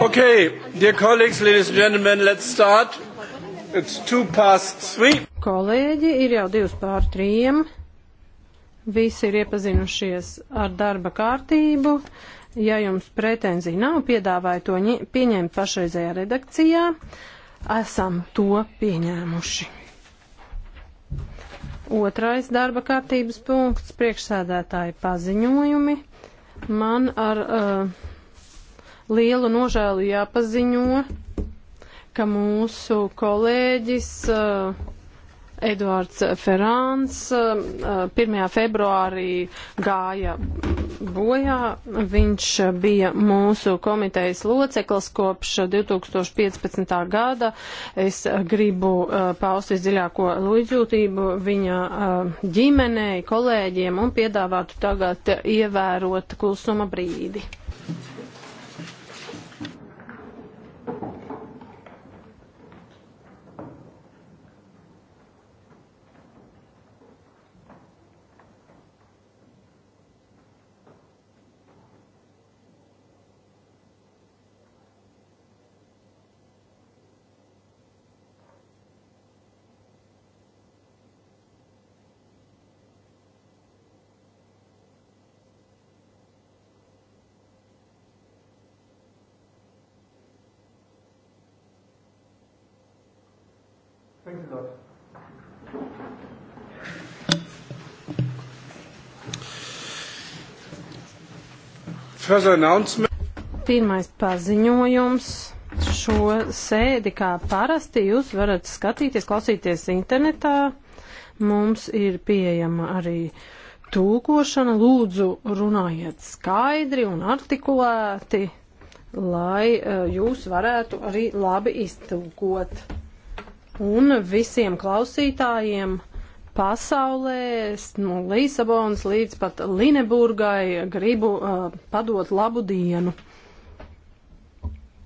Okay, dear colleagues, ladies and gentlemen, let's start. It's two past three. Kolēģi, ir jau divas pār trījiem. Visi ir iepazinušies ar darba kārtību. Ja jums pretenzija nav, piedāvāju to pieņemt pašreizējā redakcijā. Esam to pieņēmuši. Otrais darba kārtības punkts - priekšsēdētāji paziņojumi. Man ar uh, lielu nožēlu jāpaziņo, ka mūsu kolēģis uh, Eduards Ferāns 1. Um, uh, februārī gāja bojā. Viņš bija mūsu komitejas loceklis kopš 2015. gada. Es gribu uh, paust visdziļāko līdzjūtību viņa uh, ģimenei, kolēģiem un piedāvātu tagad ievērot klusuma brīdi. Thanks a lot. Further announcement pirmais paziņojums. Šo sēdi, kā parasti, jūs varat skatīties, klausīties internetā. Mums ir pieejama arī tūkošana. Lūdzu, runājiet skaidri un artikulēti, lai eh, jūs varētu arī labi iztūkot un visiem klausītājiem pasaulē, no Lisabonas līdz pat Lineburgai, gribu uh, padot labu dienu.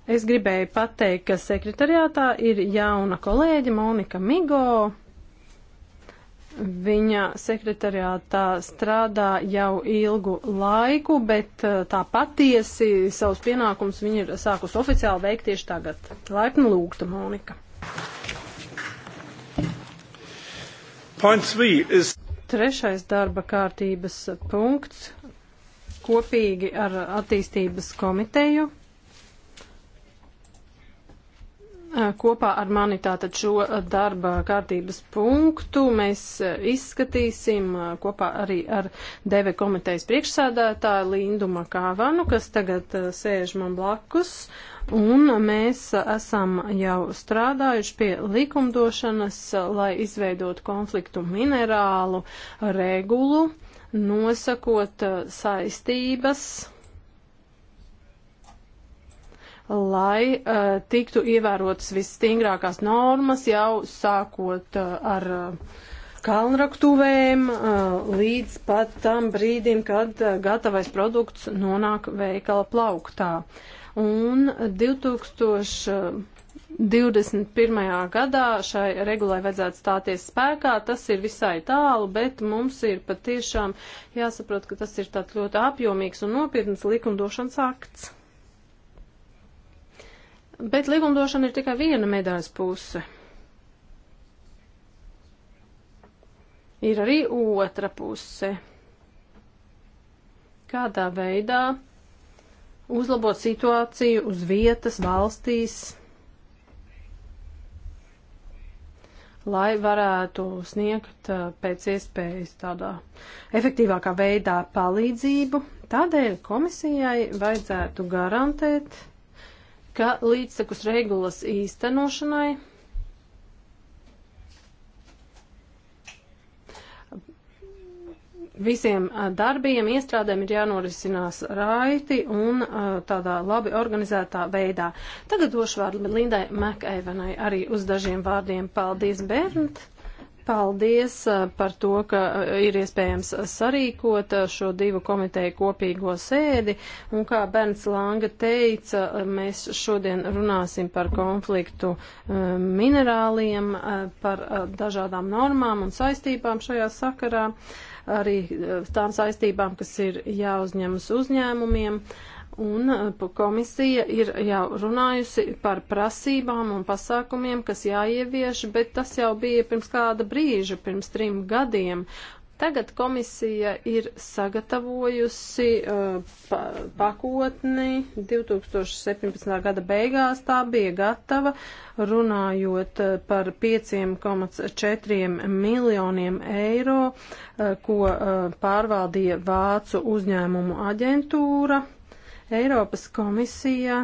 Es gribēju pateikt, ka sekretariātā ir jauna kolēģe Monika Migo. Viņa sekretariātā strādā jau ilgu laiku, bet uh, tā patiesi savus pienākumus viņa ir sākus oficiāli veikt tieši tagad. Laipni lūgta, Monika. Is... Trešais darba kārtības punkts kopīgi ar attīstības komiteju. Eh, kopā ar mani tātad šo eh, darba kārtības punktu mēs eh, izskatīsim kopā arī ar DV komitejas priekšsādātāju Lindu Makāvanu, kas tagad sēž man blakus, un mēs esam jau strādājuši pie likumdošanas, lai izveidotu konfliktu minerālu regulu, nosakot saistības lai uh, tiktu ievērotas visstingrākās normas jau sākot uh, ar uh, kalnraktuvēm uh, līdz pat tam brīdim, kad uh, gatavais produkts nonāk veikala plauktā. Un 2000. 21. gadā šai regulai vajadzētu stāties spēkā. Tas ir visai tālu, bet mums ir patiešām jāsaprot, ka tas ir tāds ļoti apjomīgs un nopietns likumdošanas akts. Bet likumdošana ir tikai viena medaļas puse. Ir arī otra puse. Kādā veidā uzlabot situāciju uz vietas valstīs, lai varētu sniegt uh, pēc iespējas tādā efektīvākā veidā palīdzību. Tādēļ komisijai vajadzētu garantēt, ka līdzsakus regulas īstenošanai visiem darbiem, iestrādēm ir jānorisinās raiti un tādā labi organizētā veidā. Tagad došu vārdu Lindai Mekaivenai arī uz dažiem vārdiem. Paldies, Bernt! Paldies uh, par to, ka uh, ir iespējams uh, sarīkot šo divu komiteju kopīgo sēdi. Un kā Bērns Langa teica, mēs šodien runāsim par konfliktu minerāliem, par dažādām normām un saistībām šajā sakarā, arī tām saistībām, kas ir jāuzņemas uzņēmumiem. Uh, un eh, komisija ir jau runājusi par prasībām un pasākumiem, kas jāievieš, bet tas jau bija pirms kāda brīža, pirms trim gadiem. Tagad komisija ir sagatavojusi uh, pa, pakotni 2017. gada beigās. Tā bija gatava runājot eh, par 5,4 miljoniem eiro, uh, ko uh, pārvaldīja Vācu uzņēmumu aģentūra. Uh, Eiropas komisija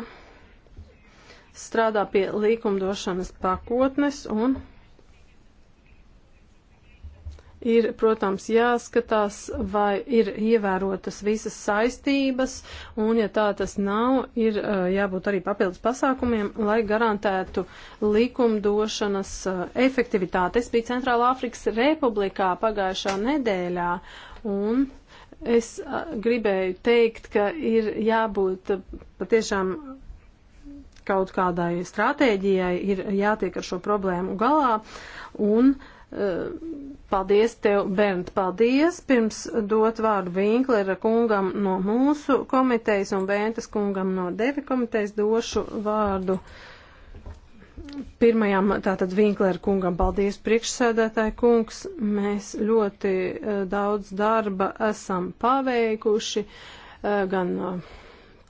strādā pie likumdošanas pakotnes un ir, protams, jāskatās, vai ir ievērotas visas saistības, un, ja tā tas nav, ir uh, jābūt arī papildus pasākumiem, lai garantētu likumdošanas uh, efektivitāti. Es biju Centrāla Afrikas Republikā pagājušā nedēļā, un Es gribēju teikt, ka ir jābūt patiešām kaut kādai stratēģijai, ir jātiek ar šo problēmu galā. Un paldies tev, Bernt, paldies. Pirms dot vārdu Vinklera kungam no mūsu komitejas un Bentas kungam no Devi komitejas došu vārdu. Uh, Pirmajam tātad Vinklera kungam paldies priekšsēdētāji kungs. Mēs ļoti uh, daudz darba esam paveikuši, uh, gan uh,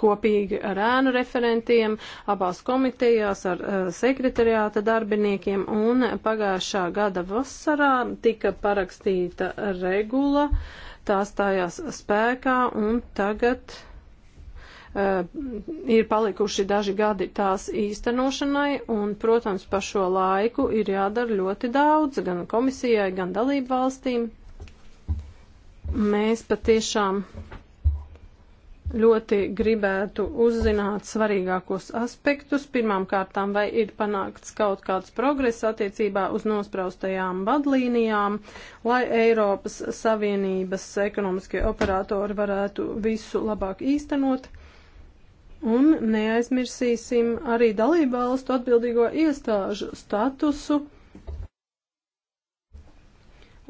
kopīgi ar ēnu referentiem, abās komitejās, ar sekretariāta darbiniekiem, un pagājušā gada vasarā tika parakstīta regula, tā stājās spēkā, un tagad. Uh, Eh, ir palikuši daži gadi tās īstenošanai, un, protams, pa šo laiku ir jādara ļoti daudz gan komisijai, gan dalību valstīm. Mēs patiešām ļoti gribētu uzzināt svarīgākos aspektus. Pirmām kārtām, vai ir panākts kaut kāds progress attiecībā uz nospraustajām vadlīnijām, lai Eiropas Savienības ekonomiskie operatori varētu visu labāk īstenot. Un neaizmirsīsim arī dalībvalstu atbildīgo iestāžu statusu.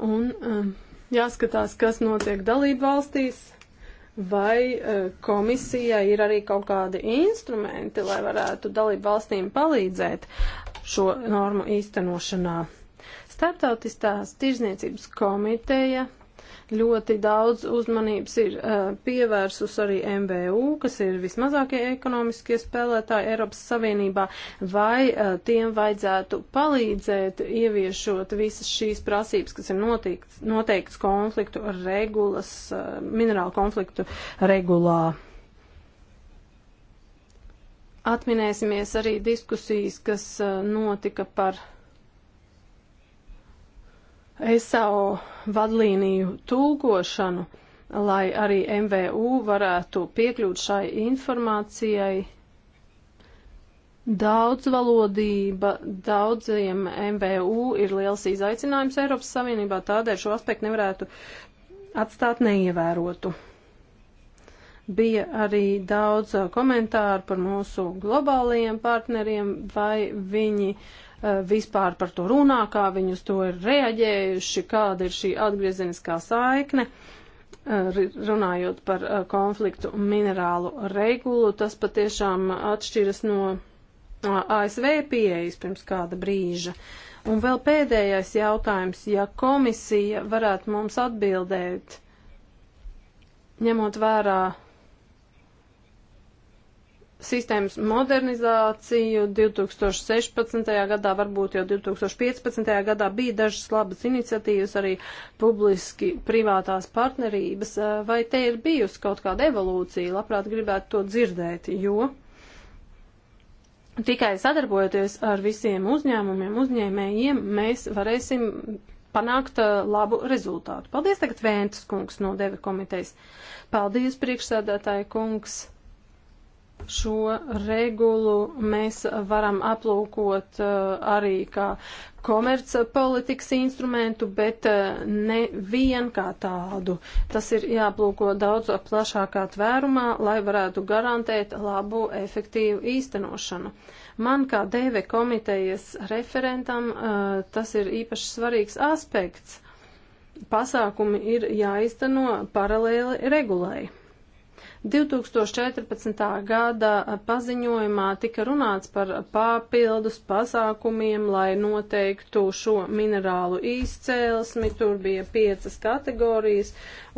Un um, jāskatās, kas notiek dalībvalstīs, vai uh, komisijai ir arī kaut kādi instrumenti, lai varētu dalībvalstīm palīdzēt šo normu īstenošanā. Startautiskās tirzniecības komiteja Ļoti daudz uzmanības ir uh, pievērsus arī MVU, kas ir vismazākie ekonomiskie spēlētāji Eiropas Savienībā, vai uh, tiem vajadzētu palīdzēt ieviešot visas šīs prasības, kas ir noteikts, noteikts konfliktu regulas, uh, minerālu konfliktu regulā. Atminēsimies arī diskusijas, kas uh, notika par ESAO vadlīniju tulkošanu, lai arī MVU varētu piekļūt šai informācijai. Daudzvalodība daudziem MVU ir liels izaicinājums Eiropas Savienībā, tādēļ šo aspektu nevarētu atstāt neievērotu. Bija arī daudz komentāru par mūsu globālajiem partneriem, vai viņi uh, Eh, vispār par to runā, kā viņi uz to ir reaģējuši, kāda ir šī atgriezeniskā saikne. Eh, runājot par eh, konfliktu minerālu regulu, tas patiešām atšķiras no ASV pieejas pirms kāda brīža. Un vēl pēdējais jautājums, ja komisija varētu mums atbildēt, ņemot vērā sistēmas modernizāciju 2016. gadā, varbūt jau 2015. gadā bija dažas labas iniciatīvas, arī publiski privātās partnerības. Eh, vai te ir bijusi kaut kāda evolūcija? Labprāt gribētu to dzirdēt, jo tikai sadarbojoties ar visiem uzņēmumiem, uzņēmējiem, mēs varēsim panākt uh, labu rezultātu. Paldies tagad Vēntas kungs no Deve komitejas. Paldies priekšsēdētāja kungs. Šo regulu mēs varam aplūkot uh, arī kā komercpolitikas instrumentu, bet uh, ne vien kā tādu. Tas ir jāplūko daudz plašākā tvērumā, lai varētu garantēt labu, efektīvu īstenošanu. Man kā DV komitejas referentam uh, tas ir īpaši svarīgs aspekts. Pasākumi ir jāizteno paralēli regulai. 2014. gada paziņojumā tika runāts par papildus pasākumiem, lai noteiktu šo minerālu izcēlesmi. Tur bija piecas kategorijas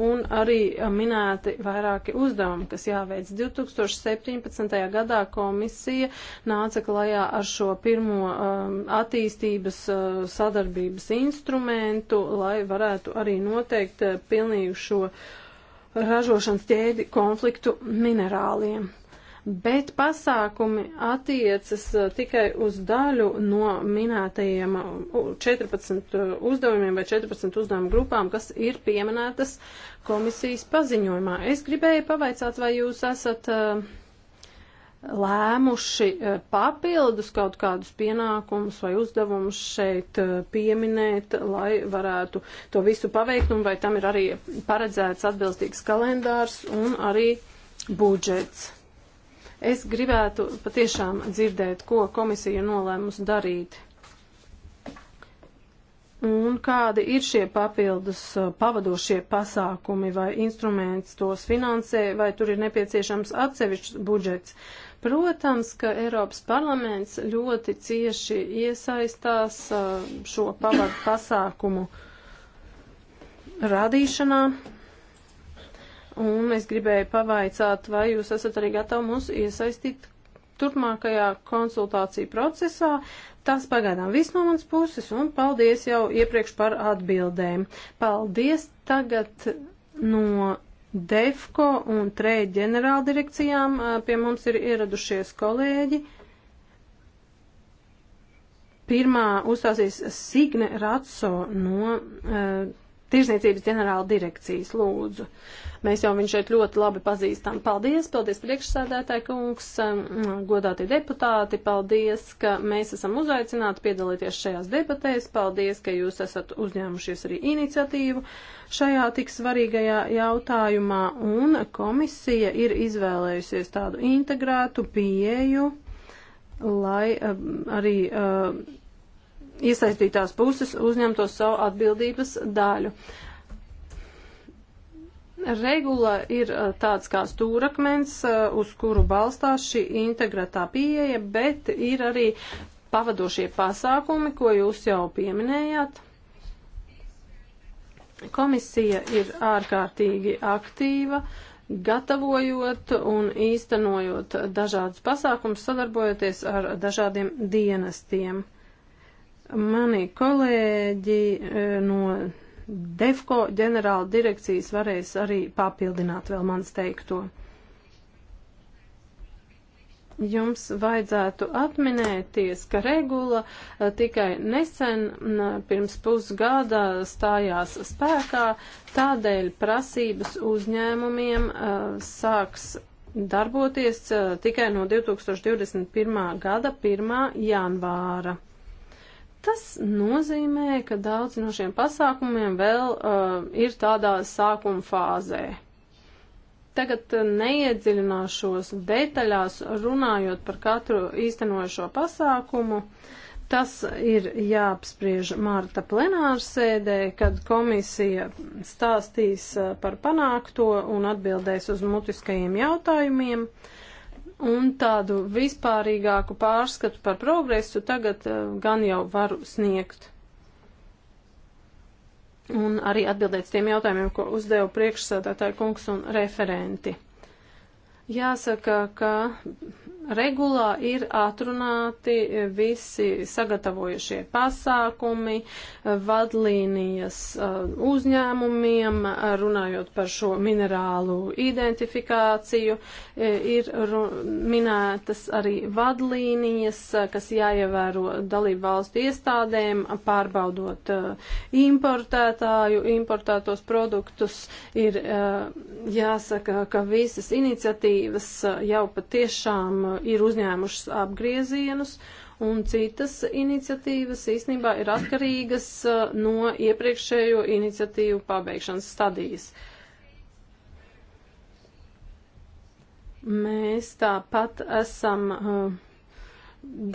un arī minēti vairāki uzdevumi, kas jāveic. 2017. gadā komisija nāca klajā ar šo pirmo um, attīstības uh, sadarbības instrumentu, lai varētu arī noteikt uh, pilnīgu šo uh, ražošanas ķēdi konfliktu minerāliem. Bet pasākumi attiecas uh, tikai uz daļu no minētajiem 14 uh, uh, uzdevumiem vai 14 uzdevumu grupām, kas ir pieminētas komisijas paziņojumā. Es gribēju pavaicāt, vai jūs esat uh, lēmuši eh, papildus kaut kādus pienākumus vai uzdevumus šeit eh, pieminēt, lai varētu to visu paveikt, un vai tam ir arī paredzēts atbilstīgs kalendārs un arī budžets. Es gribētu patiešām dzirdēt, ko komisija nolēmus darīt. Un kādi ir šie papildus eh, pavadošie pasākumi vai instruments tos finansē, vai tur ir nepieciešams atsevišķs budžets. Protams, ka Eiropas parlaments ļoti cieši iesaistās uh, šo pavadu pasākumu radīšanā. Un es gribēju pavaicāt, vai jūs esat arī gatavi mūs iesaistīt turpmākajā konsultāciju procesā. Tas pagaidām viss no manas puses, un paldies jau iepriekš par atbildēm. Paldies tagad no DEFCO un TREI ģenerāldirekcijām pie mums ir ieradušies kolēģi. Pirmā uzstāsies Signe Ratso no uh, Tirzniecības ģenerāla direkcijas lūdzu. Mēs jau viņu šeit ļoti labi pazīstam. Paldies, paldies priekšsēdētāji kungs, um, godātie deputāti, paldies, ka mēs esam uzaicināti piedalīties šajās debatēs, paldies, ka jūs esat uzņēmušies arī iniciatīvu šajā tik svarīgajā jautājumā, un komisija ir izvēlējusies tādu integrētu pieeju, lai um, arī. Uh, iesaistītās puses uzņemtos savu atbildības daļu. Regula ir eh, tāds kā stūrakmens, eh, uz kuru balstās šī integrētā pieeja, bet ir arī pavadošie pasākumi, ko jūs jau pieminējāt. Komisija ir ārkārtīgi aktīva, gatavojot un īstenojot dažādus pasākumus, sadarbojoties ar dažādiem dienestiem. Mani kolēģi e, no DEFCO ģenerāla direkcijas varēs arī papildināt vēl mans teikto. Jums vajadzētu atminēties, ka regula e, tikai nesen, pirms pusgada, stājās spēkā, tādēļ prasības uzņēmumiem e, sāks darboties tikai no 2021. gada 1. janvāra. Tas nozīmē, ka daudz no šiem pasākumiem vēl uh, ir tādā sākuma fāzē. Tagad uh, neiedziļināšos detaļās runājot par katru īstenojušo pasākumu. Tas ir jāapspriež Marta plenārsēdē, kad komisija stāstīs uh, par panākto un atbildēs uz mutiskajiem jautājumiem. Uh, un tādu vispārīgāku pārskatu par progresu tagad eh, gan jau varu sniegt. Un arī atbildēt tiem jautājumiem, ko uzdeva priekšsādātāja kungs un referenti. Jāsaka, ka regulā ir atrunāti visi sagatavojušie pasākumi, vadlīnijas uh, uzņēmumiem, runājot par šo minerālu identifikāciju, e, ir minētas arī vadlīnijas, uh, kas jāievēro dalību valstu iestādēm, pārbaudot uh, importētāju, importētos produktus, ir jāsaka, ka visas iniciatīvas jau patiešām ir uzņēmušas apgriezienus, un citas iniciatīvas īstenībā ir atkarīgas uh, no iepriekšējo iniciatīvu pabeigšanas stadijas. Mēs tāpat esam uh,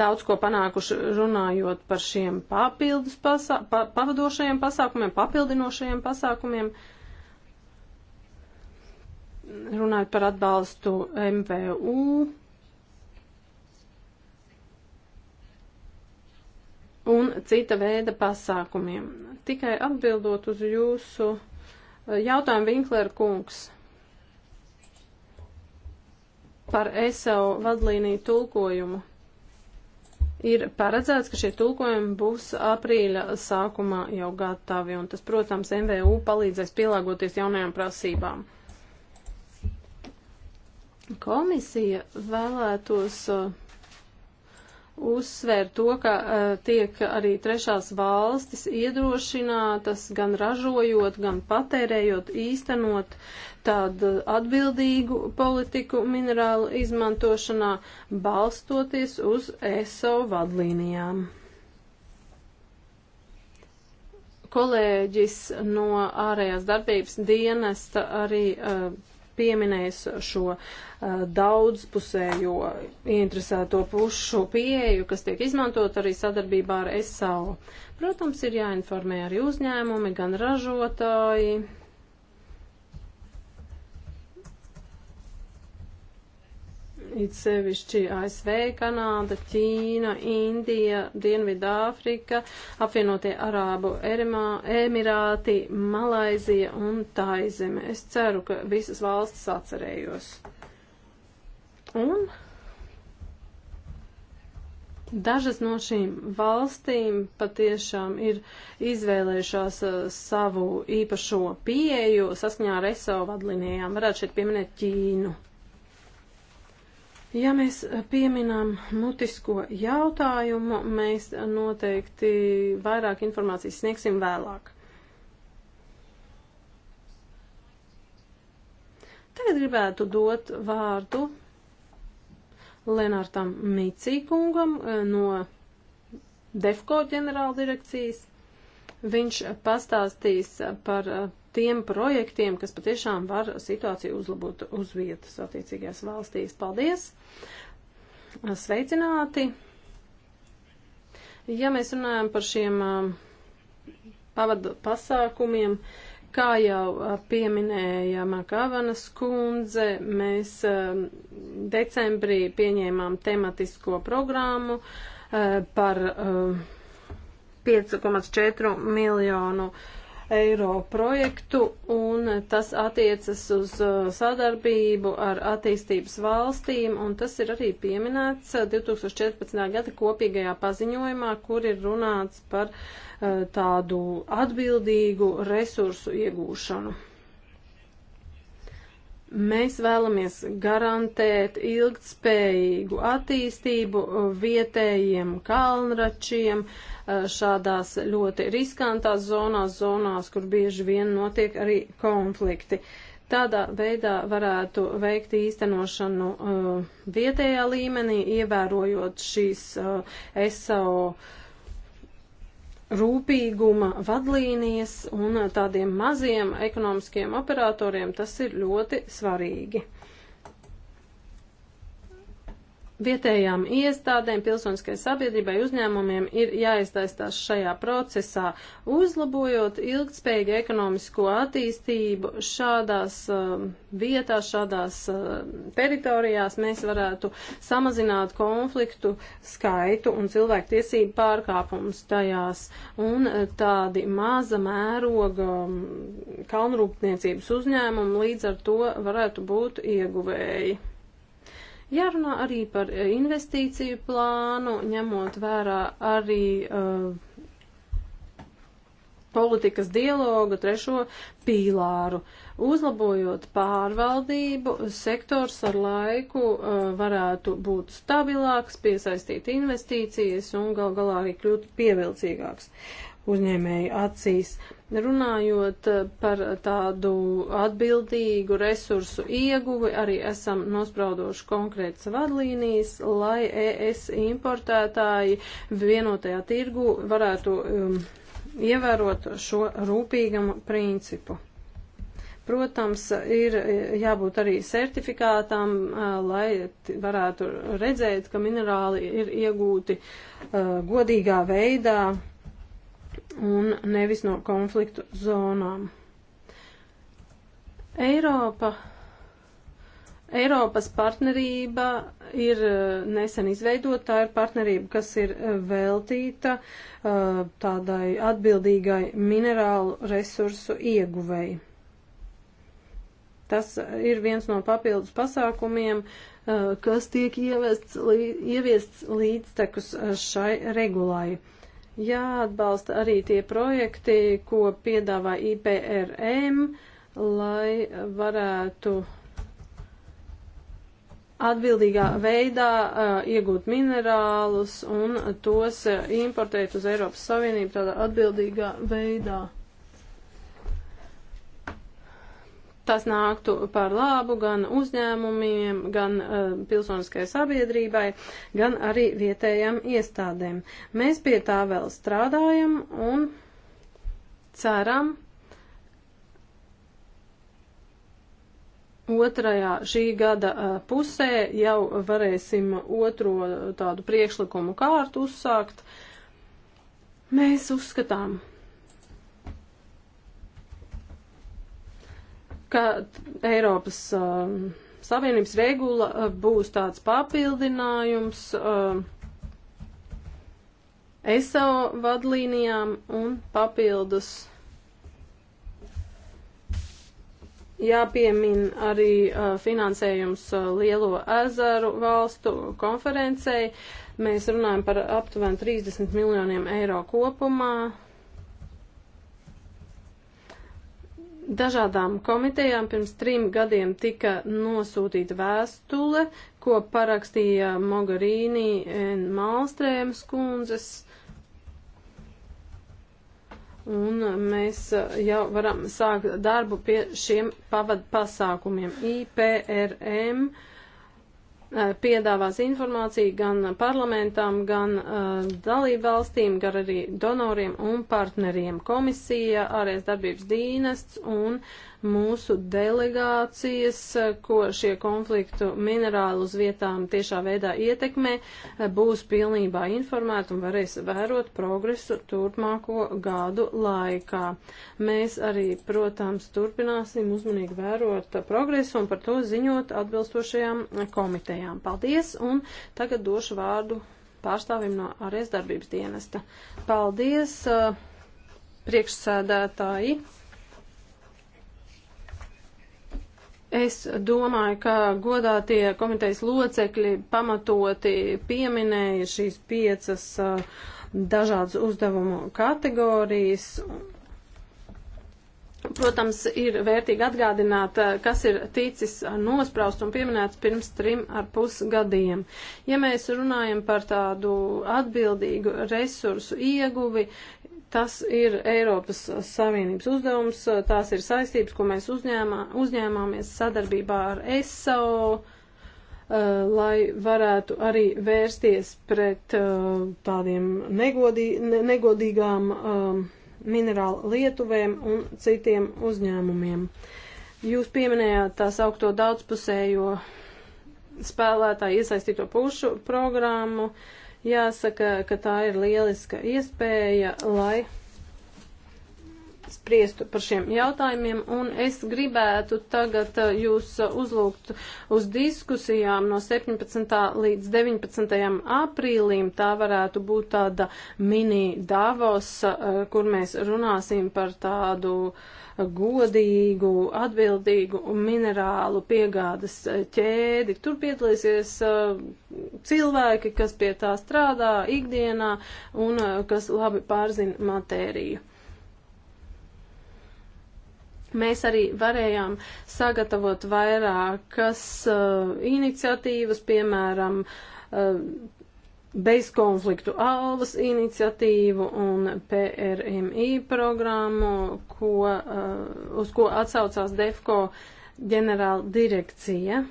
daudz ko panākuši runājot par šiem papildus pasā, pa, pavadošajiem pasākumiem, papildinošajiem pasākumiem, runājot par atbalstu MVU un cita veida pasākumiem. Tikai atbildot uz jūsu eh, jautājumu, Vinklēra kungs, par ESO vadlīniju tulkojumu. Ir paredzēts, ka šie tulkojumi būs aprīļa sākumā jau gatavi, un tas, protams, MVU palīdzēs pielāgoties jaunajām prasībām. Komisija vēlētos uh, uzsver to, ka uh, tiek arī trešās valstis iedrošinātas gan ražojot, gan patērējot, īstenot tādu atbildīgu politiku minerālu izmantošanā, balstoties uz ESO vadlīnijām. Kolēģis no ārējās darbības dienesta arī uh, pieminējis šo uh, daudzpusējo interesēto pušu pieeju, kas tiek izmantot arī sadarbībā ar SAO. Protams, ir jāinformē arī uzņēmumi, gan ražotāji, it sevišķi ASV, Kanāda, Ķīna, Indija, Dienvidāfrika, apvienotie Arābu Emirāti, Malaizija un Taizeme. Es ceru, ka visas valstis atcerējos. Un Dažas no šīm valstīm patiešām ir izvēlējušās uh, savu īpašo pieeju saskaņā ar ESO vadlinijām. Varētu šeit pieminēt Ķīnu. Ja mēs pieminām mutisko jautājumu, mēs noteikti vairāk informācijas sniegsim vēlāk. Tagad gribētu dot vārdu Lenārtam Micīkungam eh, no DEFCO ģenerāldirekcijas. Viņš pastāstīs par eh, tiem projektiem, kas patiešām var situāciju uzlabot uz vietas attiecīgajās valstīs. Paldies! Sveicināti! Ja mēs runājam par šiem um, pavadu pasākumiem, kā jau uh, pieminēja Makavanas kundze, mēs um, decembrī pieņēmām tematisko programmu uh, par 5,4 um, miljonu eiro eiro projektu, un tas attiecas uz uh, sadarbību ar attīstības valstīm, un tas ir arī pieminēts 2014. Uh, gada kopīgajā paziņojumā, kur ir runāts par uh, tādu atbildīgu resursu iegūšanu. Mēs vēlamies garantēt ilgtspējīgu attīstību uh, vietējiem kalnračiem uh, šādās ļoti riskantās zonās, zonās, kur bieži vien notiek arī konflikti. Tādā veidā varētu veikt īstenošanu uh, vietējā līmenī, ievērojot šīs uh, SO uh, rūpīguma vadlīnijas un tādiem maziem ekonomiskiem operatoriem tas ir ļoti svarīgi. Vietējām iestādēm, pilsoniskai sabiedrībai, uzņēmumiem ir jāiztaistās šajā procesā, uzlabojot ilgtspējīgu ekonomisko attīstību šādās uh, vietās, šādās uh, teritorijās mēs varētu samazināt konfliktu skaitu un cilvēktiesību pārkāpumus tajās un uh, tādi maza mēroga um, kalnrūpniecības uzņēmumi līdz ar to varētu būt ieguvēji. Jārunā arī par eh, investīciju plānu, ņemot vērā arī uh, politikas dialogu trešo pīlāru. Uzlabojot pārvaldību, sektors ar laiku uh, varētu būt stabilāks, piesaistīt investīcijas un gal galā arī kļūt pievilcīgāks uzņēmēju acīs. Uh, Runājot eh, par tādu atbildīgu resursu ieguvi, arī esam nospraudoši konkrētas vadlīnijas, lai ES importētāji vienotajā tirgu varētu um, ievērot šo rūpīgumu principu. Protams, ir eh, jābūt arī certifikātām, eh, lai varētu redzēt, ka minerāli ir iegūti uh, godīgā veidā un nevis no konfliktu zonām. Eiropa, Eiropas partnerība ir eh, nesen izveidota, tā ir partnerība, kas ir eh, veltīta eh, tādai atbildīgai minerālu resursu ieguvēji. Tas ir viens no papildus pasākumiem, kas tiek ieviests, ieviests līdztekus šai regulai jāatbalsta arī tie projekti, ko piedāvā IPRM, lai varētu atbildīgā veidā uh, iegūt minerālus un tos uh, importēt uz Eiropas Savienību tādā atbildīgā veidā. Tas nāktu par labu gan uzņēmumiem, gan uh, pilsoniskai sabiedrībai, gan arī vietējām iestādēm. Mēs pie tā vēl strādājam un ceram, Otrajā šī gada eh, pusē jau varēsim otro tādu priekšlikumu kārtu uzsākt. Mēs uzskatām, ka Eiropas uh, Savienības regula uh, būs tāds papildinājums uh, um, ESO vadlīnijām un papildus. Jāpiemin arī uh, finansējums uh, Lielo ezeru valstu konferencei. Mēs runājam par aptuveni 30 miljoniem eiro kopumā. Dažādām komitejām pirms trim gadiem tika nosūtīta vēstule, ko parakstīja Mogarīni un Malstrēmas kundzes. Un mēs jau varam sākt darbu pie šiem pavad pasākumiem. IPRM. Uh, Eh, piedāvās informāciju gan parlamentam, gan uh, dalību valstīm, gan arī donoriem un partneriem. Komisija, ārējais darbības dienests un mūsu delegācijas, ko šie konfliktu minerāli uz vietām tiešā veidā ietekmē, būs pilnībā informēti un varēs vērot progresu turpmāko gadu laikā. Mēs arī, protams, turpināsim uzmanīgi vērot progresu un par to ziņot atbilstošajām komitejām. Paldies! Un tagad došu vārdu pārstāvim no ārējas darbības dienesta. Paldies, eh, priekšsēdētāji! Es domāju, ka godātie komitejas locekļi pamatoti pieminēja šīs piecas uh, dažādas uzdevumu kategorijas. Protams, ir vērtīgi atgādināt, uh, kas ir ticis nospraust un pieminēts pirms trim ar pus gadiem. Ja mēs runājam par tādu atbildīgu resursu ieguvi, Tas ir Eiropas Savienības uzdevums, tās ir saistības, ko mēs uzņēmā, uzņēmāmies sadarbībā ar ESO, eh, lai varētu arī vērsties pret eh, tādiem negodī, negodīgām eh, minerālu lietuvēm un citiem uzņēmumiem. Jūs pieminējāt tās augto daudzpusējo spēlētāju iesaistīto pušu programmu. Uh, Jāsaka, ka tā ir lieliska iespēja, lai spriestu par šiem jautājumiem, un es gribētu tagad uh, jūs uh, uzlūgt uz diskusijām no 17. līdz 19. aprīlim. Tā varētu būt tāda mini Davos, uh, kur mēs runāsim par tādu godīgu, atbildīgu minerālu piegādes ķēdi. Tur piedalīsies cilvēki, kas pie tā strādā ikdienā un kas labi pārzina matēriju. Mēs arī varējām sagatavot vairākas uh, iniciatīvas, piemēram, uh, bezkonfliktu alvas iniciatīvu un PRMI programmu, ko, uh, uz ko atsaucās DEFCO ģenerāla direkcija.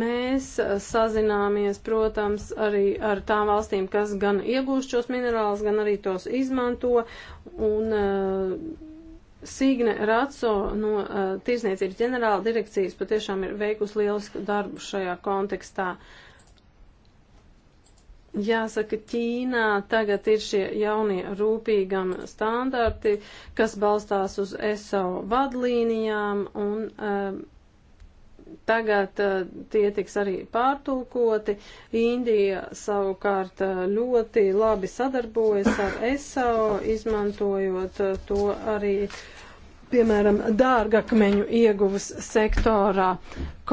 Mēs uh, sazināmies, protams, arī ar tām valstīm, kas gan iegūst šos minerālus, gan arī tos izmanto. Un, uh, Sīgne Raco no uh, Tirzniecības ģenerāla direkcijas patiešām ir veikusi lielisku darbu šajā kontekstā. Jāsaka, Ķīnā tagad ir šie jaunie rūpīgam standarti, kas balstās uz ESO vadlīnijām un uh, Tagad uh, tie tiks arī pārtulkoti. Indija savukārt uh, ļoti labi sadarbojas ar ESAO, izmantojot uh, to arī, piemēram, dārgakmeņu ieguvas sektorā.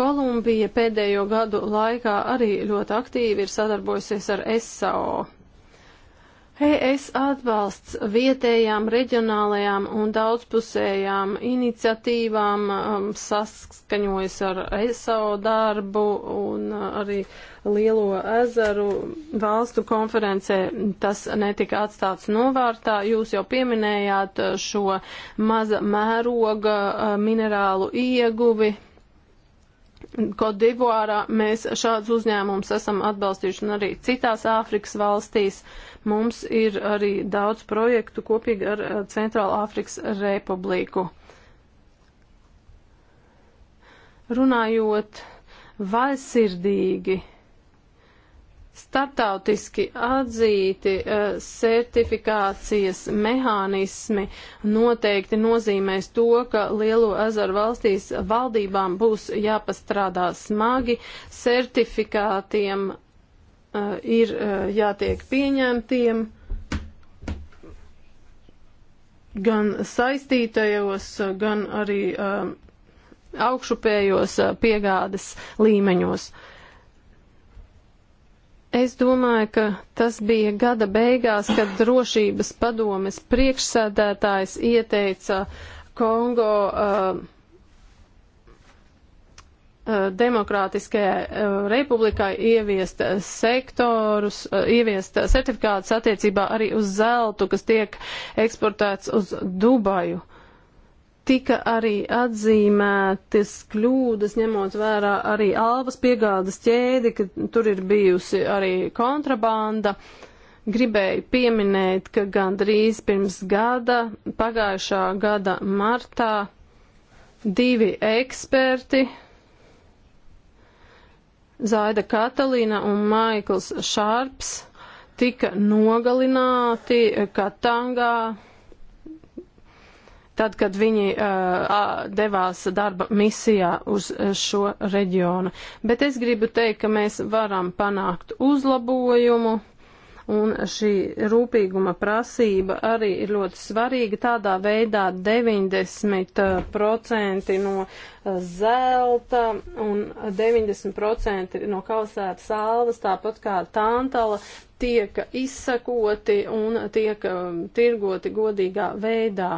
Kolumbija pēdējo gadu laikā arī ļoti aktīvi ir sadarbojusies ar ESAO. ES atbalsts vietējām, reģionālajām un daudzpusējām iniciatīvām um, saskaņojas ar ESO darbu un uh, arī Lielo ezeru valstu konferencē. Tas netika atstāts novārtā. Jūs jau pieminējāt uh, šo maza mēroga uh, minerālu ieguvi Kodivārā mēs šādus uzņēmumus esam atbalstījuši un arī citās Āfrikas valstīs. Mums ir arī daudz projektu kopīgi ar eh, Centrāla Āfrikas Republiku. Runājot vaļsirdīgi startautiski atzīti uh, eh, sertifikācijas mehānismi noteikti nozīmēs to, ka Lielo ezaru valstīs valdībām būs jāpastrādā smagi sertifikātiem uh, eh, ir uh, jātiek pieņemtiem gan saistītajos, gan arī augšupējos piegādes līmeņos. Uh, Es domāju, ka tas bija gada beigās, kad drošības padomes priekšsēdētājs ieteica Kongo uh, uh Demokrātiskajai uh, republikai ieviest sektorus, uh, ieviest certifikātus attiecībā arī uz zeltu, kas tiek eksportēts uz Dubaju. Uh, Tika arī atzīmētas kļūdas, ņemot vērā arī alvas piegādas ķēdi, ka tur ir bijusi arī kontrabanda. Gribēju pieminēt, ka gandrīz pirms gada, pagājušā gada martā, divi eksperti Zaida Katalīna un Maikls Šārps tika nogalināti Katangā tad, kad viņi uh, devās darba misijā uz uh, šo reģionu. Bet es gribu teikt, ka mēs varam panākt uzlabojumu. Un šī rūpīguma prasība arī ir ļoti svarīga. Tādā veidā 90% no uh, zelta un 90% no kausēta salvas, tāpat kā tantala, tiek izsakoti un tiek um, tirgoti godīgā veidā.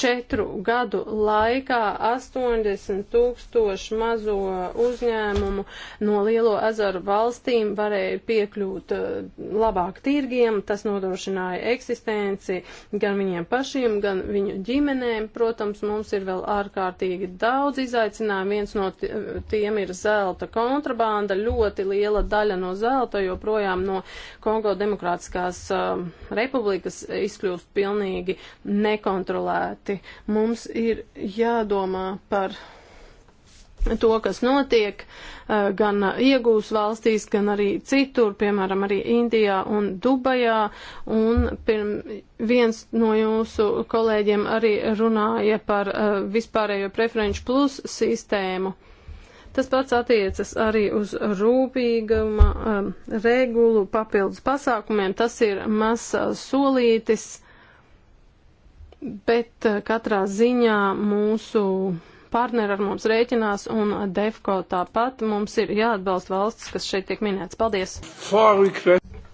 četru gadu laikā 80 tūkstoši mazo uzņēmumu no Lielo ezaru valstīm varēja piekļūt eh, labāk tirgiem. Tas nodrošināja eksistenci gan viņiem pašiem, gan viņu ģimenēm. Protams, mums ir vēl ārkārtīgi daudz izaicinājumu. Viens no tiem ir zelta kontrabanda. Ļoti liela daļa no zelta joprojām no Kongo Demokrātiskās uh, republikas izkļūst pilnīgi nekontrolēti noteikti mums ir jādomā par to, kas notiek eh, gan iegūs valstīs, gan arī citur, piemēram, arī Indijā un Dubajā. Un pirm, viens no jūsu kolēģiem arī runāja par eh, vispārējo preferenču plus sistēmu. Tas pats attiecas arī uz rūpīguma eh, regulu papildus pasākumiem. Tas ir mazs solītis bet eh, katrā ziņā mūsu partneri ar mums rēķinās un DEFCO tāpat mums ir jāatbalsta valsts, kas šeit tiek minēts. Paldies!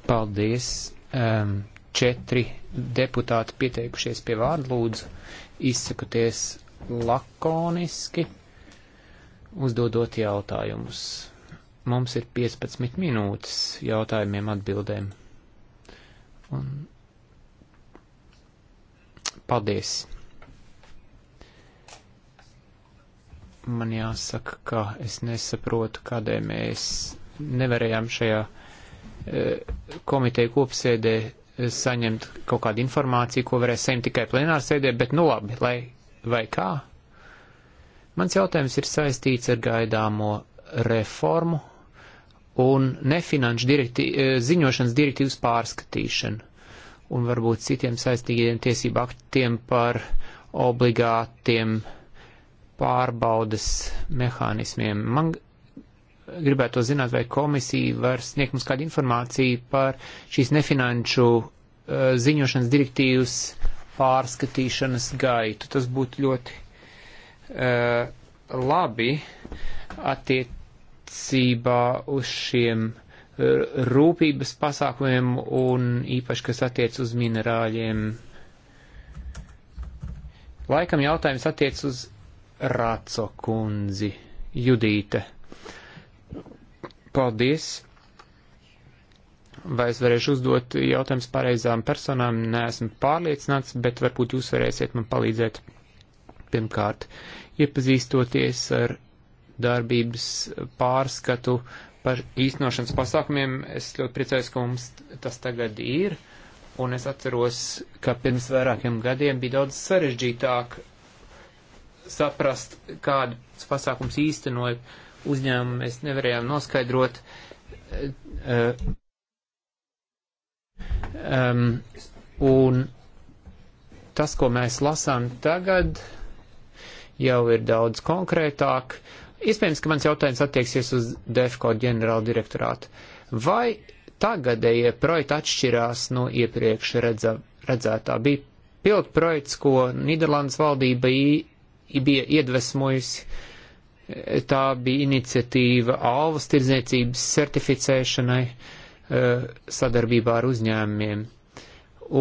Paldies! Um, četri deputāti pieteikušies pie vārdu lūdzu, izsakoties lakoniski, uzdodot jautājumus. Mums ir 15 minūtes jautājumiem atbildēm. Un Paldies! Man jāsaka, ka es nesaprotu, kādēļ mēs nevarējām šajā e, komiteja kopsēdē saņemt kaut kādu informāciju, ko varēs saņemt tikai plenārsēdē, bet nu labi, lai vai kā? Mans jautājums ir saistīts ar gaidāmo reformu un nefinanšu direkti e, ziņošanas direktīvas pārskatīšanu un varbūt citiem saistīgiem tiesību aktiem par obligātiem pārbaudas mehānismiem. Man gribētu zināt, vai komisija var sniegt mums kādu informāciju par šīs nefinanšu eh, ziņošanas direktīvas pārskatīšanas gaitu. Tas būtu ļoti uh, labi attiecībā uz šiem uh, Eh, rūpības pasākumiem un īpaši, kas attiec uz minerāļiem. Laikam jautājums attiec uz Rāco kundzi, Judīte. Paldies! Vai es varēšu uzdot jautājumus pareizām personām, neesmu pārliecināts, bet varbūt jūs varēsiet man palīdzēt. Pirmkārt, iepazīstoties ar darbības pārskatu Par īstenošanas pasākumiem es ļoti priecājos, ka mums tas tagad ir, un es atceros, ka pirms vairākiem gadiem bija daudz sarežģītāk saprast, kādus pasākums īstenoja uzņēmumu, mēs nevarējām noskaidrot. Eh, eh, um, un tas, ko mēs lasām tagad, jau ir daudz konkrētāk, uh, Iespējams, ka mans jautājums attieksies uz DEFCO ģenerāla direktorātu. Vai tagadējie projekti atšķirās no iepriekš redzā, redzētā? Bija pilotu projekts, ko Nīderlandes valdība bija iedvesmojusi. Tā bija iniciatīva alvas tirdzniecības certificēšanai e, sadarbībā ar uzņēmumiem.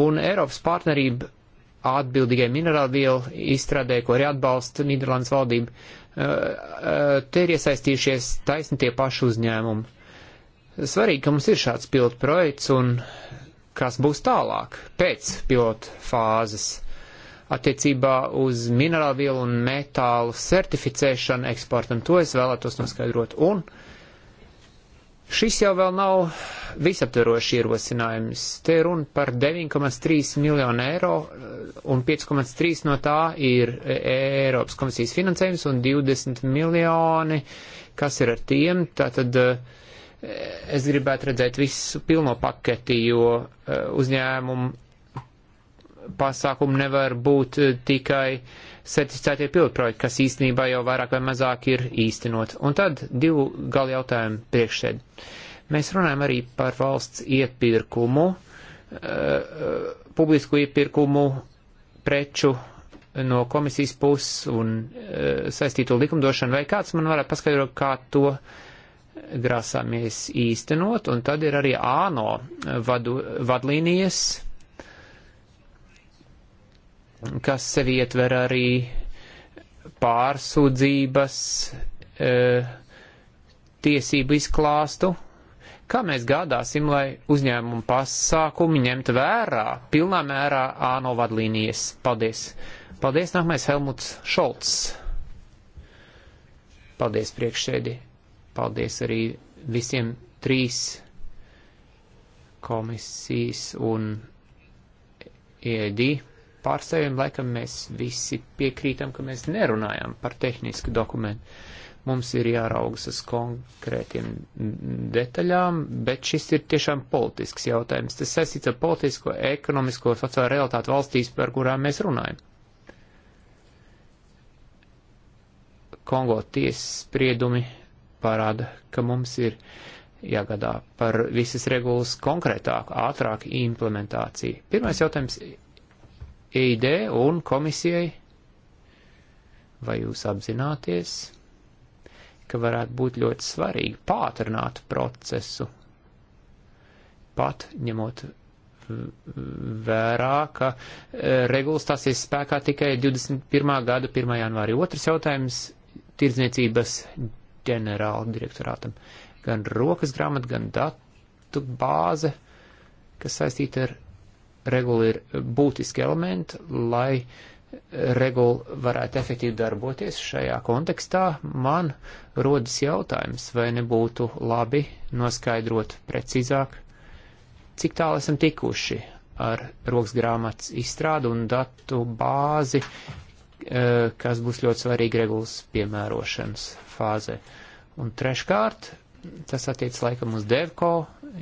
Un Eiropas partnerība atbildīgai minerālvielu izstrādē, ko arī atbalsta Nīderlandes valdība. Eh, eh, te ir iesaistījušies taisni tie paši uzņēmumi. Svarīgi, ka mums ir šāds pilotu projekts un kas būs tālāk pēc pilotu fāzes attiecībā uz minerālvielu un metālu certificēšanu eksportam. To es vēlētos noskaidrot. Un uh, Šis jau vēl nav visaptveroši ierosinājums. Te runa par 9,3 miljonu eiro un 5,3 no tā ir Eiropas komisijas finansējums un 20 miljoni, kas ir ar tiem. Tātad eh, es gribētu redzēt visu pilno paketi, jo eh, uzņēmumu pasākumu nevar būt eh, tikai uh, certificētie pilotprojekti, kas īstenībā jau vairāk vai mazāk ir īstenot. Un tad divu gal jautājumu priekšsēd. Mēs runājam arī par valsts iepirkumu, eh, publisku iepirkumu preču no komisijas puses un eh, saistīto likumdošanu, vai kāds man varētu paskaidrot, kā to grāsāmies īstenot, un tad ir arī āno vadu, vadlīnijas kas sev ietver arī pārsūdzības e, tiesību izklāstu. Kā mēs gādāsim, lai uzņēmumu pasākumi ņemtu vērā, pilnā mērā āno vadlīnijas? Paldies! Paldies, nākamais Helmuts Šolts. Paldies priekšsēdi. Paldies arī visiem trīs komisijas un ED pār sevi, un laikam mēs visi piekrītam, ka mēs nerunājam par tehnisku dokumentu. Mums ir jāraugas uz konkrētiem detaļām, bet šis ir tiešām politisks jautājums. Tas saistīts ar politisko, ekonomisko, sociālo realitāti valstīs, par kurām mēs runājam. Kongo tiesas spriedumi parāda, ka mums ir jāgadā par visas regulas konkrētāku, ātrāku implementāciju. Pirmais jautājums EID un komisijai, vai jūs apzināties, ka varētu būt ļoti svarīgi pātrināt procesu, pat ņemot vērā, ka e, regulas tās ir spēkā tikai 21. gada 1. janvārī. Otrs jautājums - tirdzniecības ģenerāla direktorātam. Gan rokas grāmata, gan datu bāze, kas saistīta ar regula ir būtiski elementi, lai regula varētu efektīvi darboties šajā kontekstā, man rodas jautājums, vai nebūtu labi noskaidrot precīzāk, cik tālu esam tikuši ar rokas grāmatas izstrādu un datu bāzi, eh, kas būs ļoti svarīgi regulas piemērošanas fāzē. Un treškārt, tas attiec laikam uz DevCo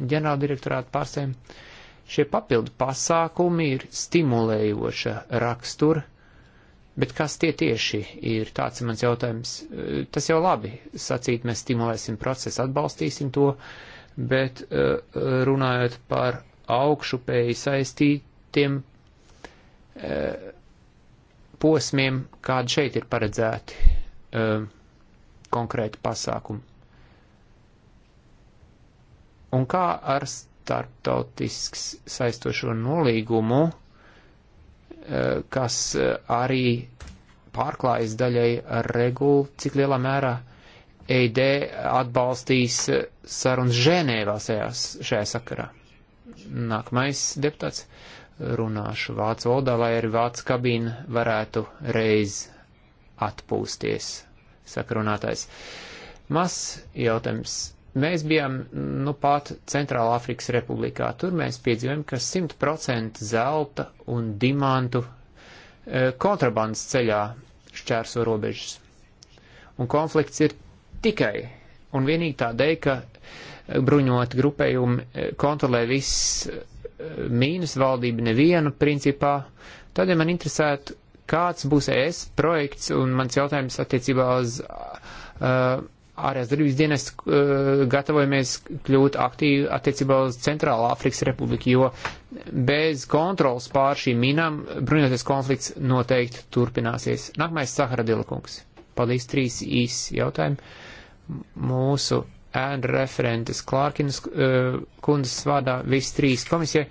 ģenerāldirektorātu pārsēm. Uh, Šie papildu pasākumi ir stimulējoša rakstura, bet kas tie tieši ir, tāds ir mans jautājums. Eh, tas jau labi, sacīt, mēs stimulēsim procesu, atbalstīsim to, bet eh, runājot par augšupēji saistītiem eh, posmiem, kādi šeit ir paredzēti konkrēti pasākumi. Un kā ar starptautisks saistošo nolīgumu, eh, kas eh, arī pārklājas daļai ar regulu, cik lielā mērā EID atbalstīs eh, sarunas Ženēvā šajā sakarā. Nākamais deputāts runāšu vācu valodā, lai arī vācu kabīna varētu reiz atpūsties, saka runātājs. Mas jautājums Mēs bijām, nu, pat Centrāla Afrikas Republikā. Tur mēs piedzīvojam, ka 100% zelta un dimantu e, kontrabandas ceļā šķērso robežas. Un konflikts ir tikai un vienīgi tādēļ, ka bruņot grupējumi e, kontrolē viss e, mīnus valdība nevienu principā. Tad, ja man interesētu, kāds būs ES projekts un mans jautājums attiecībā uz. Uh, ārējās darbības dienas eh, gatavojamies kļūt aktīvi attiecībā uz Centrālā Afrikas Republiku, jo bez kontrols pār šīm minām bruņoties konflikts noteikti turpināsies. Nākamais Sahara Dilakungs. Paldies trīs īsi jautājumi. Mūsu ēnu referentes Klārkinas eh, kundzes vārdā viss trīs komisijai.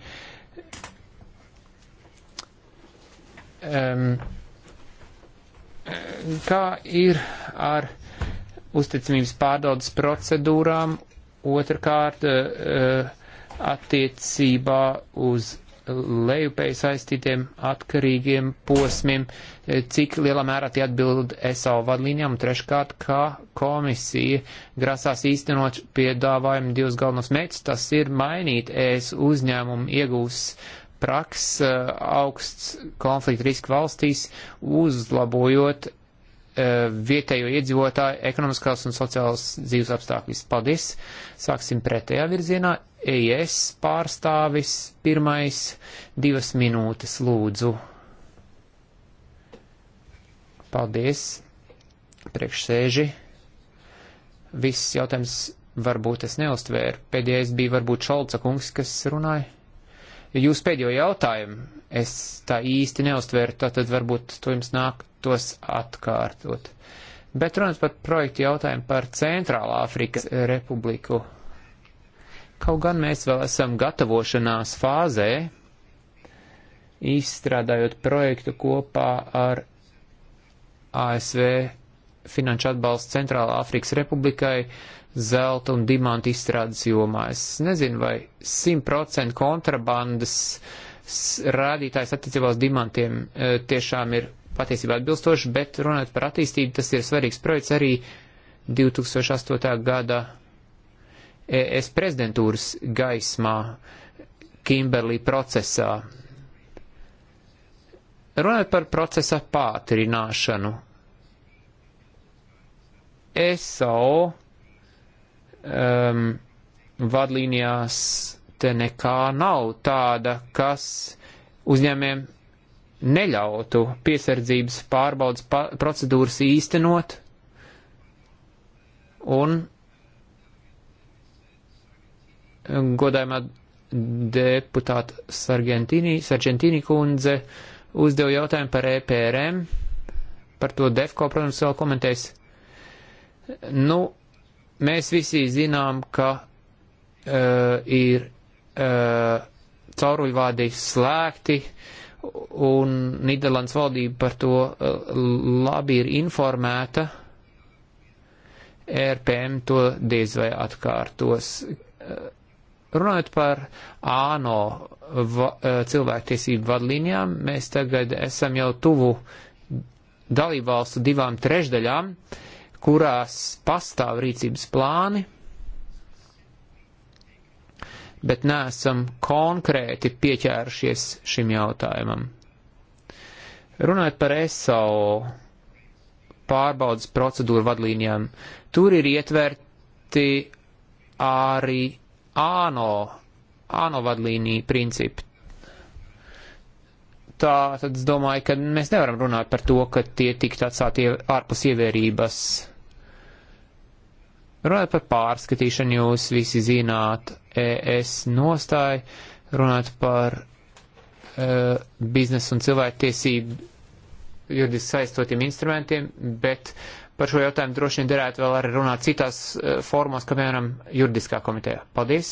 Um, kā ir ar uzticamības pārbaudas procedūrām, otrkārt eh, attiecībā uz lejupēji saistītiem atkarīgiem posmiem, eh, cik lielā mērā tie atbild SAO vadlīņām, un treškārt, kā komisija grasās īstenot piedāvājumu divus galvenos mērķus, tas ir mainīt ES uzņēmumu iegūs praks eh, augsts konflikta riska valstīs, uzlabojot E, vietējo iedzīvotāju ekonomiskās un sociālas dzīves apstākļus. Paldies! Sāksim pretējā virzienā. EIS pārstāvis pirmais divas minūtes lūdzu. Paldies! Priekšsēži. Viss jautājums varbūt es neustvēru. Pēdējais bija varbūt Šalca kungs, kas runāja. Jo jūs pēdējo jautājumu es tā īsti neustveru, tātad varbūt to jums nāk tos atkārtot. Bet runas par projektu jautājumu par Centrālā Afrikas Republiku. Kaut gan mēs vēl esam gatavošanās fāzē, izstrādājot projektu kopā ar ASV Finanšu atbalstu Centrālā Afrikas Republikai, uh, zelta un dimanta izstrādes jomā. Es nezinu, vai 100% kontrabandas rādītājs attiecībā uz dimantiem e, tiešām ir patiesībā atbilstoši, bet runājot par attīstību, tas ir svarīgs projekts arī 2008. gada ES prezidentūras gaismā Kimberlī procesā. Runājot par procesa pātrināšanu, ESO um, vadlīnijās te nekā nav tāda, kas uzņēmiem neļautu piesardzības pārbaudas procedūras īstenot un um, godājumā deputāta Sargentīni, Sargentīni kundze uzdeva jautājumu par EPRM, par to Defko, protams, vēl komentēs. Nu, Mēs visi zinām, ka uh, ir uh, cauruļvādi slēgti, un Nīderlandes valdība par to uh, labi ir informēta. RPM to diez vai atkārtos. Uh, runājot par ANO va, uh, cilvēktiesību vadlīnijām, mēs tagad esam jau tuvu dalībvalstu divām trešdaļām. Uh, kurās pastāv rīcības plāni, bet neesam konkrēti pieķērušies šim jautājumam. Runājot par ESO pārbaudas procedūru vadlīnijām, tur ir ietverti arī ANO, ANO vadlīnija principi. Tā tad es domāju, ka mēs nevaram runāt par to, ka tie tiktu atstāti ārpus ievērības Runājot par pārskatīšanu, jūs visi zināt ES nostāju, runājot par uh, e, biznesu un cilvēktiesību juridiski saistotiem instrumentiem, bet par šo jautājumu droši vien derētu vēl arī runāt citās uh, e, formos, kā piemēram juridiskā komitejā. Paldies!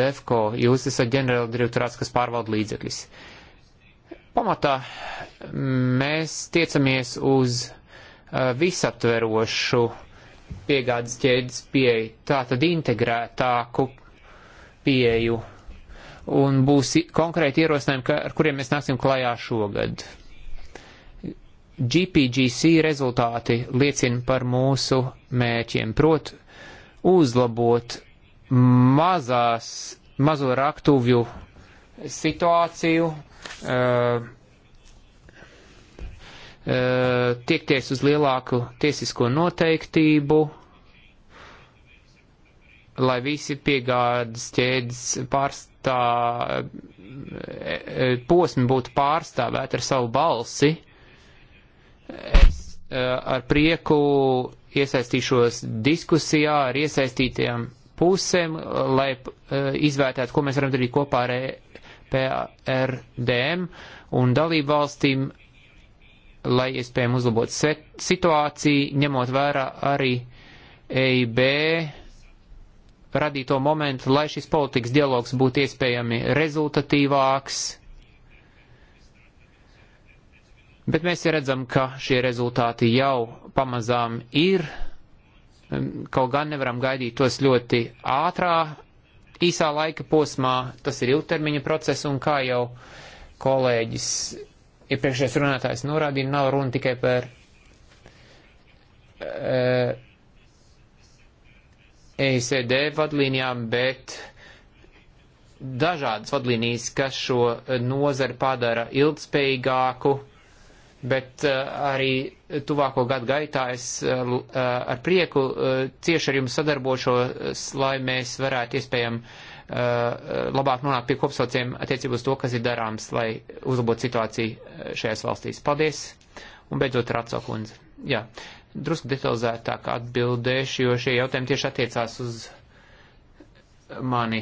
DEFCO, jūs esat ģenerāla direktorāts, kas pārvalda līdzekļus. Pamatā mēs tiecamies uz uh, visaptverošu uh, piegādes ķēdes pieeju, tā tad integrētāku pieeju. Un būs konkrēti ierosinājumi, ka, ar kuriem mēs nāksim klajā šogad. GPGC rezultāti liecina par mūsu mēķiem, prot uzlabot mazās, mazo raktuvju situāciju, uh, Eh, tiekties uz lielāku tiesisko noteiktību, lai visi piegādes ķēdes pārstā, eh, eh, posmi būtu pārstāvēti ar savu balsi. Es ar prieku iesaistīšos diskusijā ar iesaistītajām pusēm, lai izvērtētu, ko mēs varam darīt kopā ar e PRDM un dalību valstīm lai iespējami uzlabot situāciju, ņemot vērā arī EIB radīto momentu, lai šis politikas dialogs būtu iespējami rezultatīvāks. Bet mēs jau redzam, ka šie rezultāti jau pamazām ir, kaut gan nevaram gaidīt tos ļoti ātrā, īsā laika posmā, tas ir ilgtermiņa process, un kā jau kolēģis iepriekšējais runātājs norādīja, nav runa tikai par uh, eh, EICD vadlīnijām, bet dažādas vadlīnijas, kas šo nozari padara ilgspējīgāku, bet uh, arī tuvāko gadu gaitā es uh, ar prieku uh, cieši ar jums sadarbošos, lai mēs varētu iespējami Eh, labāk nonākt pie kopsaucējiem attiecībā uz to, kas ir darāms, lai uzlabotu situāciju eh, šajās valstīs. Paldies! Un beidzot, Raco kundze. Jā, drusku detalizētāk atbildēšu, jo šie jautājumi tieši attiecās uz mani.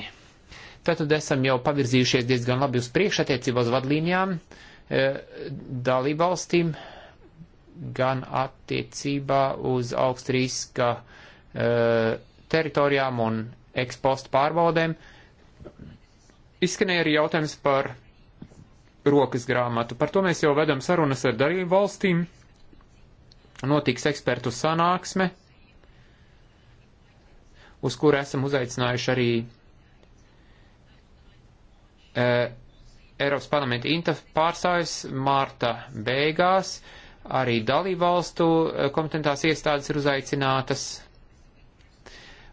Tātad esam jau pavirzījušies diezgan labi uz priekšu attiecībā uz vadlīnijām, eh, dalībvalstīm, gan attiecībā uz augstriska teritorijām un ekspostu pārbaudēm. Uh, Izskanēja arī jautājums par rokas grāmatu. Par to mēs jau vedam sarunas ar darību valstīm. Notiks ekspertu sanāksme, uz kuru esam uzaicinājuši arī eh, Eiropas parlamenta INTA pārstāvis Mārta beigās. Arī dalībvalstu e, kompetentās iestādes ir uzaicinātas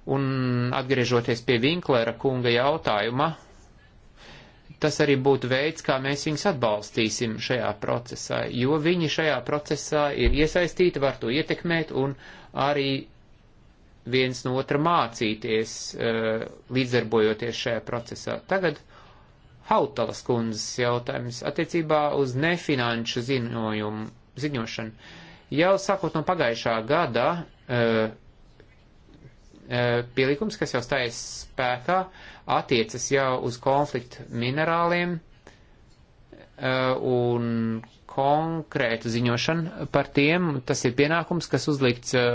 Un atgriežoties pie Vinklera kunga jautājuma, tas arī būtu veids, kā mēs viņus atbalstīsim šajā procesā, jo viņi šajā procesā ir iesaistīti, var to ietekmēt un arī viens no otra mācīties, eh, līdzdarbojoties šajā procesā. Tagad Hautalas kundzes jautājums attiecībā uz nefinanšu ziņojumu, ziņošanu. Jau sākot no pagājušā gada eh, E, pielikums, kas jau stājas spēkā, attiecas jau uz konfliktu minerāliem e, un konkrētu ziņošanu par tiem. Tas ir pienākums, kas uzlikts e,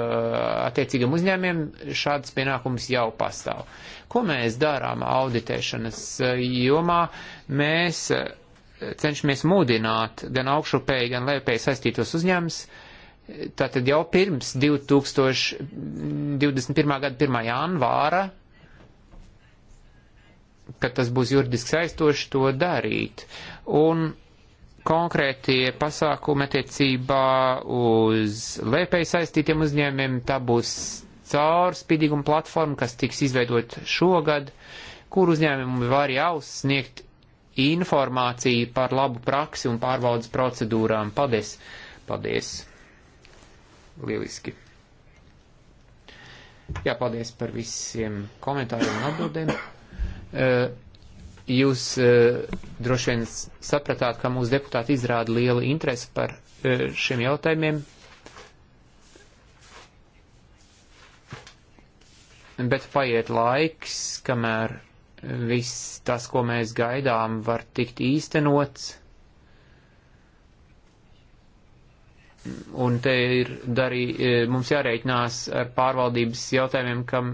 attiecīgam uzņēmiem. Šāds pienākums jau pastāv. Ko mēs darām auditēšanas jomā? Mēs cenšamies mūdināt gan augšupēji, gan lejupēji saistītos uzņēmumus Tātad jau pirms 2021. gada 1. janvāra, kad tas būs juridiski saistoši, to darīt. Un konkrētie pasākumi attiecībā uz lēpēji saistītiem uzņēmiem, tā būs caurspīdīguma platforma, kas tiks izveidot šogad, kur uzņēmumi var jau sniegt informāciju par labu praksi un pārvaldes procedūrām. Paldies! Paldies! lieliski. Jā, paldies par visiem komentāriem un atbildēm. Eh, jūs eh, droši vien sapratāt, ka mūsu deputāti izrāda lielu interesi par eh, šiem jautājumiem. Bet paiet laiks, kamēr viss tas, ko mēs gaidām, var tikt īstenots Un te ir darī, e, mums jārēķinās ar pārvaldības jautājumiem, kam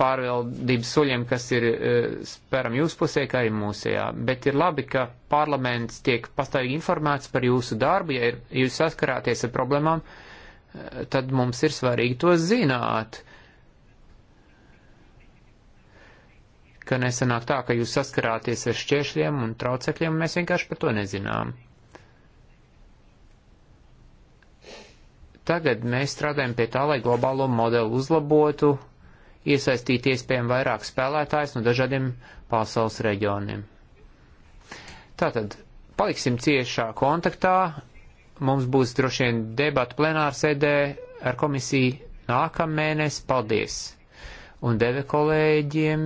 pārvaldības soļiem, kas ir e, spēram jūsu pusē, kā arī mūsējā. Bet ir labi, ka parlaments tiek pastāvīgi informēts par jūsu darbu, ja ir, jūs saskarāties ar problēmām, e, tad mums ir svarīgi to zināt. Ka nesanāk tā, ka jūs saskarāties ar šķēršļiem un traucekļiem, un mēs vienkārši par to nezinām. Tagad mēs strādājam pie tā, lai globālo modeli uzlabotu, iesaistīt iespējami vairāk spēlētājs no dažādiem pasaules reģioniem. Tātad, paliksim ciešā kontaktā, mums būs droši vien debata plenārsēdē ar komisiju nākamēnes. Paldies! Un deve kolēģiem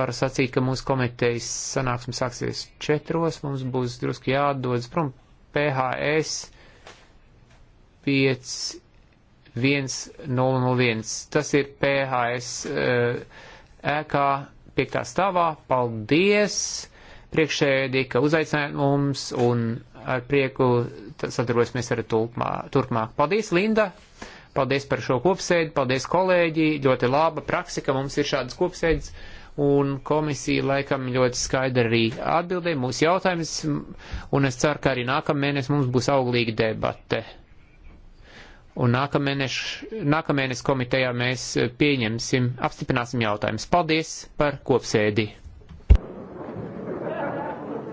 varu sacīt, ka mūsu komitejas sanāksme sāksies četros, mums būs drusku jādodas prom PHS 51001. Tas ir PHS eh, ēkā piektā stāvā. Paldies! Priekšēdi, ka uzaicinājāt mums un ar prieku sadarbosimies ar tulpmā, turpmāk. Paldies, Linda! Paldies par šo kopsēdi, paldies kolēģi, ļoti laba praksa, ka mums ir šādas kopsēdes, un komisija laikam ļoti skaidri arī atbildēja mūsu jautājumus, un es ceru, ka arī nākamnēnes mums būs auglīga debate. Un nākamēneš, nākamēnes komitejā mēs pieņemsim, apstiprināsim jautājumus. Paldies par kopsēdi!